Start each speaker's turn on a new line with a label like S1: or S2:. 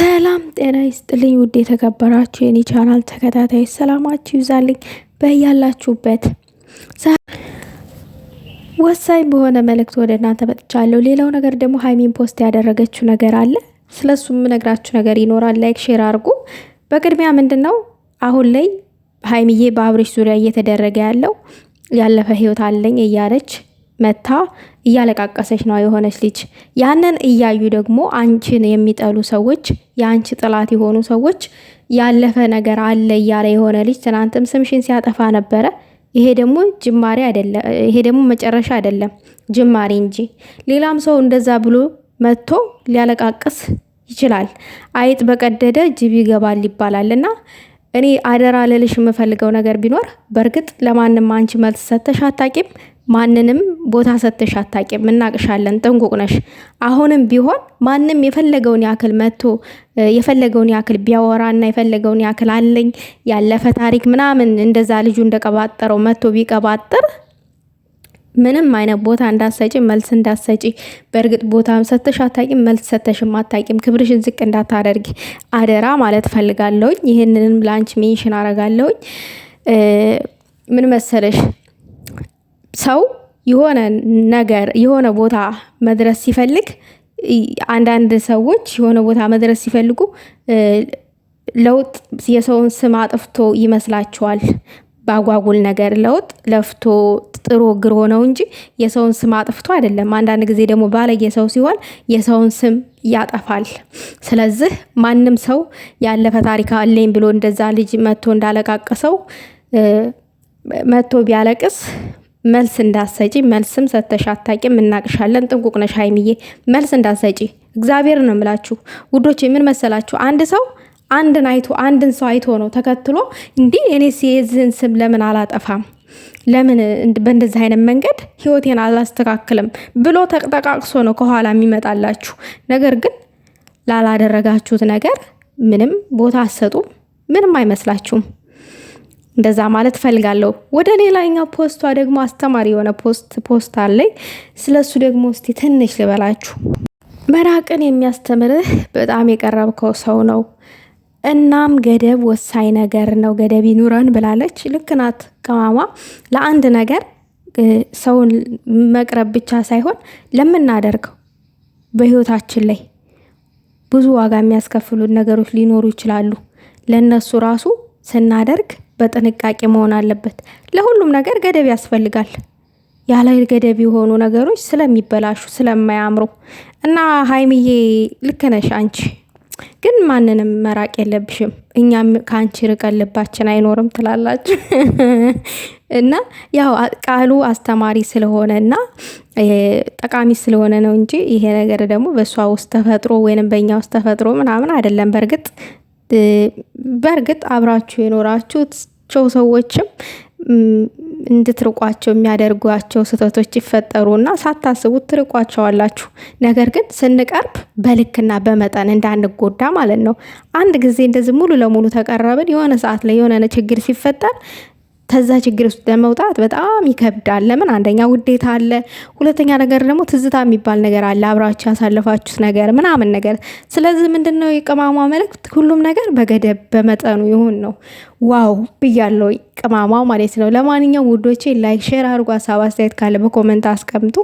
S1: ሰላም ጤና ይስጥልኝ። ውድ የተከበራችሁ የኔ ቻናል ተከታታይ ሰላማችሁ ይብዛልኝ በያላችሁበት። ወሳኝ በሆነ መልእክት ወደ እናንተ መጥቻለሁ። ሌላው ነገር ደግሞ ሀይሚን ፖስት ያደረገችው ነገር አለ። ስለሱ የምነግራችሁ ነገር ይኖራል። ላይክ ሼር አድርጉ። በቅድሚያ ምንድን ነው አሁን ላይ ሀይሚዬ በአብሬሽ ዙሪያ እየተደረገ ያለው ያለፈ ህይወት አለኝ እያለች መታ እያለቃቀሰች ነው የሆነች ልጅ። ያንን እያዩ ደግሞ አንቺን የሚጠሉ ሰዎች፣ የአንቺ ጥላት የሆኑ ሰዎች ያለፈ ነገር አለ እያለ የሆነ ልጅ ትናንትም ስምሽን ሲያጠፋ ነበረ። ይሄ ደግሞ ጅማሬ አይደለም፣ ይሄ ደግሞ መጨረሻ አይደለም ጅማሬ እንጂ። ሌላም ሰው እንደዛ ብሎ መጥቶ ሊያለቃቅስ ይችላል። አይጥ በቀደደ ጅብ ይገባል ይባላል እና እኔ አደራ ልልሽ የምፈልገው ነገር ቢኖር በእርግጥ ለማንም አንቺ መልስ ሰተሽ አታቂም፣ ማንንም ቦታ ሰተሽ አታቂም። እናቅሻለን፣ ጥንቁቅ ነሽ። አሁንም ቢሆን ማንም የፈለገውን ያክል መጥቶ የፈለገውን ያክል ቢያወራና የፈለገውን ያክል አለኝ ያለፈ ታሪክ ምናምን እንደዛ ልጁ እንደቀባጠረው መጥቶ ቢቀባጥር ምንም አይነት ቦታ እንዳሰጪ መልስ እንዳሰጪ። በእርግጥ ቦታ ሰተሽ አታቂም፣ መልስ ሰተሽም አታቂም። ክብርሽን ዝቅ እንዳታደርጊ አደራ ማለት ፈልጋለውኝ። ይህንንም ላንች ሜንሽን አረጋለውኝ። ምን መሰለሽ ሰው የሆነ ነገር የሆነ ቦታ መድረስ ሲፈልግ አንዳንድ ሰዎች የሆነ ቦታ መድረስ ሲፈልጉ ለውጥ የሰውን ስም አጥፍቶ ይመስላቸዋል። ባጓጉል ነገር ለውጥ ለፍቶ ጥሩ እግር ሆነው እንጂ የሰውን ስም አጥፍቶ አይደለም። አንዳንድ ጊዜ ደግሞ ባለጌ ሰው ሲሆን የሰውን ስም ያጠፋል። ስለዚህ ማንም ሰው ያለፈ ታሪክ አለኝ ብሎ እንደዛ ልጅ መቶ እንዳለቃቀሰው መቶ ቢያለቅስ መልስ እንዳሰጪ መልስም ሰተሽ አታቂም። እናቅሻለን። ጥንቁቅ ነሽ ሀይሚዬ። መልስ እንዳሰጪ እግዚአብሔር ነው የምላችሁ ውዶች። የምን መሰላችሁ አንድ ሰው አንድን አይቶ አንድን ሰው አይቶ ነው ተከትሎ እንዲህ እኔ የዚህን ስም ለምን አላጠፋም ለምን በእንደዚህ አይነት መንገድ ህይወቴን አላስተካክልም ብሎ ተጠቃቅሶ ነው ከኋላ የሚመጣላችሁ። ነገር ግን ላላደረጋችሁት ነገር ምንም ቦታ አሰጡ፣ ምንም አይመስላችሁም። እንደዛ ማለት ፈልጋለሁ። ወደ ሌላኛው ፖስቷ ደግሞ አስተማሪ የሆነ ፖስት ፖስት አለኝ። ስለሱ ደግሞ እስቲ ትንሽ ልበላችሁ። መራቅን የሚያስተምርህ በጣም የቀረብከው ሰው ነው። እናም ገደብ ወሳኝ ነገር ነው፣ ገደብ ይኑረን ብላለች። ልክ ናት ቅማሟ። ለአንድ ነገር ሰውን መቅረብ ብቻ ሳይሆን ለምናደርገው በህይወታችን ላይ ብዙ ዋጋ የሚያስከፍሉን ነገሮች ሊኖሩ ይችላሉ። ለእነሱ ራሱ ስናደርግ በጥንቃቄ መሆን አለበት። ለሁሉም ነገር ገደብ ያስፈልጋል። ያለ ገደብ የሆኑ ነገሮች ስለሚበላሹ ስለማያምሩ እና ሀይምዬ ልክ ነሽ አንቺ ግን ማንንም መራቅ የለብሽም እኛም ከአንቺ ርቀን ልባችን አይኖርም ትላላችሁ እና ያው ቃሉ አስተማሪ ስለሆነ እና ጠቃሚ ስለሆነ ነው እንጂ ይሄ ነገር ደግሞ በእሷ ውስጥ ተፈጥሮ ወይንም በእኛ ውስጥ ተፈጥሮ ምናምን አይደለም። በእርግጥ በእርግጥ አብራችሁ ቸው ሰዎችም እንድትርቋቸው የሚያደርጓቸው ስህተቶች ይፈጠሩና ሳታስቡት ትርቋቸዋላችሁ። ነገር ግን ስንቀርብ በልክና በመጠን እንዳንጎዳ ማለት ነው። አንድ ጊዜ እንደዚህ ሙሉ ለሙሉ ተቀረብን የሆነ ሰዓት ላይ የሆነ ችግር ሲፈጠር ተዛ ችግር ውስጥ ለመውጣት በጣም ይከብዳል። ለምን አንደኛ ውዴታ አለ፣ ሁለተኛ ነገር ደግሞ ትዝታ የሚባል ነገር አለ፣ አብራችሁ ያሳለፋችሁት ነገር ምናምን ነገር። ስለዚህ ምንድን ነው የቅማሟ መልእክት? ሁሉም ነገር በገደብ በመጠኑ ይሁን ነው። ዋው ብያለው፣ ቅማሟ ማለት ነው። ለማንኛውም ውዶቼ ላይክ፣ ሼር አድርጎ ሀሳብ አስተያየት ካለ በኮመንት አስቀምጡ።